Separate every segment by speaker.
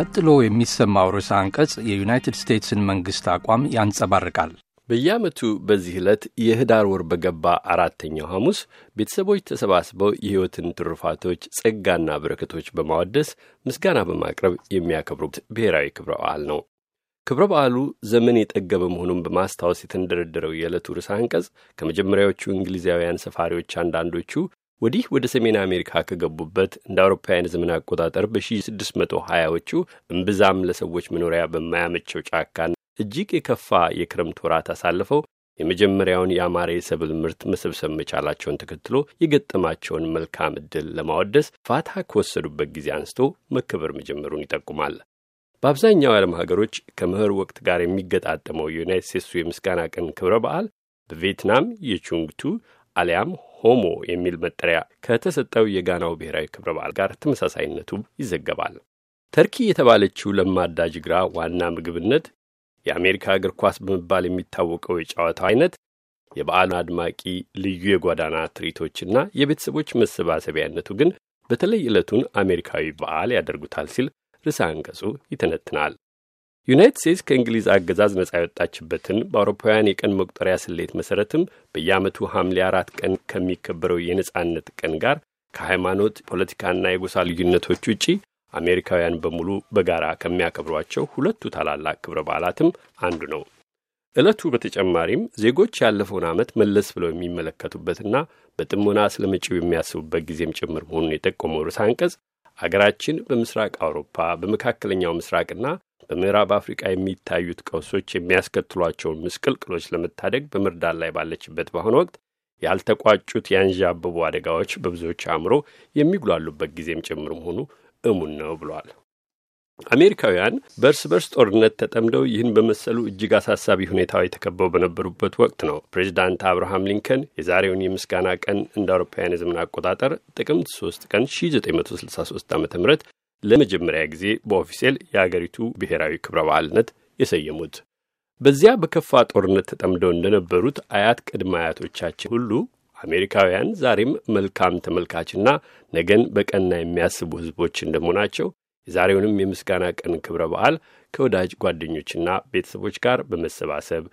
Speaker 1: ቀጥሎ የሚሰማው ርዕሰ አንቀጽ የዩናይትድ ስቴትስን መንግሥት አቋም ያንጸባርቃል። በየዓመቱ በዚህ ዕለት የህዳር ወር በገባ አራተኛው ሐሙስ ቤተሰቦች ተሰባስበው የሕይወትን ትሩፋቶች ጸጋና በረከቶች በማወደስ ምስጋና በማቅረብ የሚያከብሩት ብሔራዊ ክብረ በዓል ነው። ክብረ በዓሉ ዘመን የጠገበ መሆኑን በማስታወስ የተንደረደረው የዕለቱ ርዕሰ አንቀጽ ከመጀመሪያዎቹ እንግሊዛውያን ሰፋሪዎች አንዳንዶቹ ወዲህ ወደ ሰሜን አሜሪካ ከገቡበት እንደ አውሮፓውያን ዘመን አቆጣጠር በ1620ዎቹ እምብዛም ለሰዎች መኖሪያ በማያመቸው ጫካና እጅግ የከፋ የክረምት ወራት አሳልፈው የመጀመሪያውን የአማረ የሰብል ምርት መሰብሰብ መቻላቸውን ተከትሎ የገጠማቸውን መልካም ዕድል ለማወደስ ፋታ ከወሰዱበት ጊዜ አንስቶ መከበር መጀመሩን ይጠቁማል። በአብዛኛው የዓለም ሀገሮች ከምህር ወቅት ጋር የሚገጣጠመው የዩናይት ስቴትሱ የምስጋና ቀን ክብረ በዓል በቪየትናም የቹንግቱ አሊያም ሆሞ የሚል መጠሪያ ከተሰጠው የጋናው ብሔራዊ ክብረ በዓል ጋር ተመሳሳይነቱ ይዘገባል። ተርኪ የተባለችው ለማዳ ጅግራ ዋና ምግብነት የአሜሪካ እግር ኳስ በመባል የሚታወቀው የጨዋታው አይነት የበዓሉን አድማቂ ልዩ የጓዳና ትርኢቶችና የቤተሰቦች መሰባሰቢያነቱ ግን በተለይ ዕለቱን አሜሪካዊ በዓል ያደርጉታል ሲል ርዕሰ አንቀጹ ይተነትናል። ዩናይት ስቴትስ ከእንግሊዝ አገዛዝ ነጻ የወጣችበትን በአውሮፓውያን የቀን መቁጠሪያ ስሌት መሠረትም በየዓመቱ ሐምሌ አራት ቀን ከሚከበረው የነጻነት ቀን ጋር ከሃይማኖት ፖለቲካና የጎሳ ልዩነቶች ውጪ አሜሪካውያን በሙሉ በጋራ ከሚያከብሯቸው ሁለቱ ታላላቅ ክብረ በዓላትም አንዱ ነው። ዕለቱ በተጨማሪም ዜጎች ያለፈውን ዓመት መለስ ብለው የሚመለከቱበትና በጥሞና ስለ መጪው የሚያስቡበት ጊዜም ጭምር መሆኑን የጠቆመው ርዕሰ አንቀጽ አገራችን በምስራቅ አውሮፓ በመካከለኛው ምስራቅና በምዕራብ አፍሪቃ የሚታዩት ቀውሶች የሚያስከትሏቸውን ምስቅልቅሎች ለመታደግ በመርዳት ላይ ባለችበት በአሁኑ ወቅት ያልተቋጩት ያንዣበቡ አደጋዎች በብዙዎች አእምሮ የሚጉላሉበት ጊዜም ጭምር መሆኑ እሙን ነው ብሏል። አሜሪካውያን በእርስ በርስ ጦርነት ተጠምደው ይህን በመሰሉ እጅግ አሳሳቢ ሁኔታዎች ተከበው በነበሩበት ወቅት ነው ፕሬዚዳንት አብርሃም ሊንከን የዛሬውን የምስጋና ቀን እንደ አውሮፓውያን የዘመን አቆጣጠር ጥቅምት 3 ቀን 1963 ዓ ም ለመጀመሪያ ጊዜ በኦፊሴል የአገሪቱ ብሔራዊ ክብረ በዓልነት የሰየሙት። በዚያ በከፋ ጦርነት ተጠምደው እንደነበሩት አያት ቅድመ አያቶቻችን ሁሉ አሜሪካውያን ዛሬም መልካም ተመልካችና ነገን በቀና የሚያስቡ ሕዝቦች እንደመሆናቸው የዛሬውንም የምስጋና ቀን ክብረ በዓል ከወዳጅ ጓደኞችና ቤተሰቦች ጋር በመሰባሰብ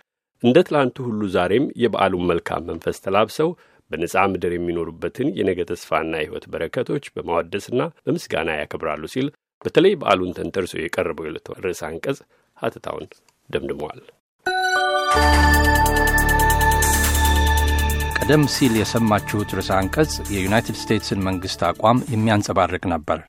Speaker 1: እንደ ትላንቱ ሁሉ ዛሬም የበዓሉን መልካም መንፈስ ተላብሰው በነጻ ምድር የሚኖሩበትን የነገ ተስፋና የህይወት በረከቶች በማወደስና በምስጋና ያከብራሉ ሲል በተለይ በዓሉን ተንተርሶ የቀረበው የዕለቱ ርዕሰ አንቀጽ ሀተታውን ደምድመዋል። ቀደም ሲል የሰማችሁት ርዕሰ አንቀጽ የዩናይትድ ስቴትስን መንግሥት አቋም የሚያንጸባርቅ ነበር።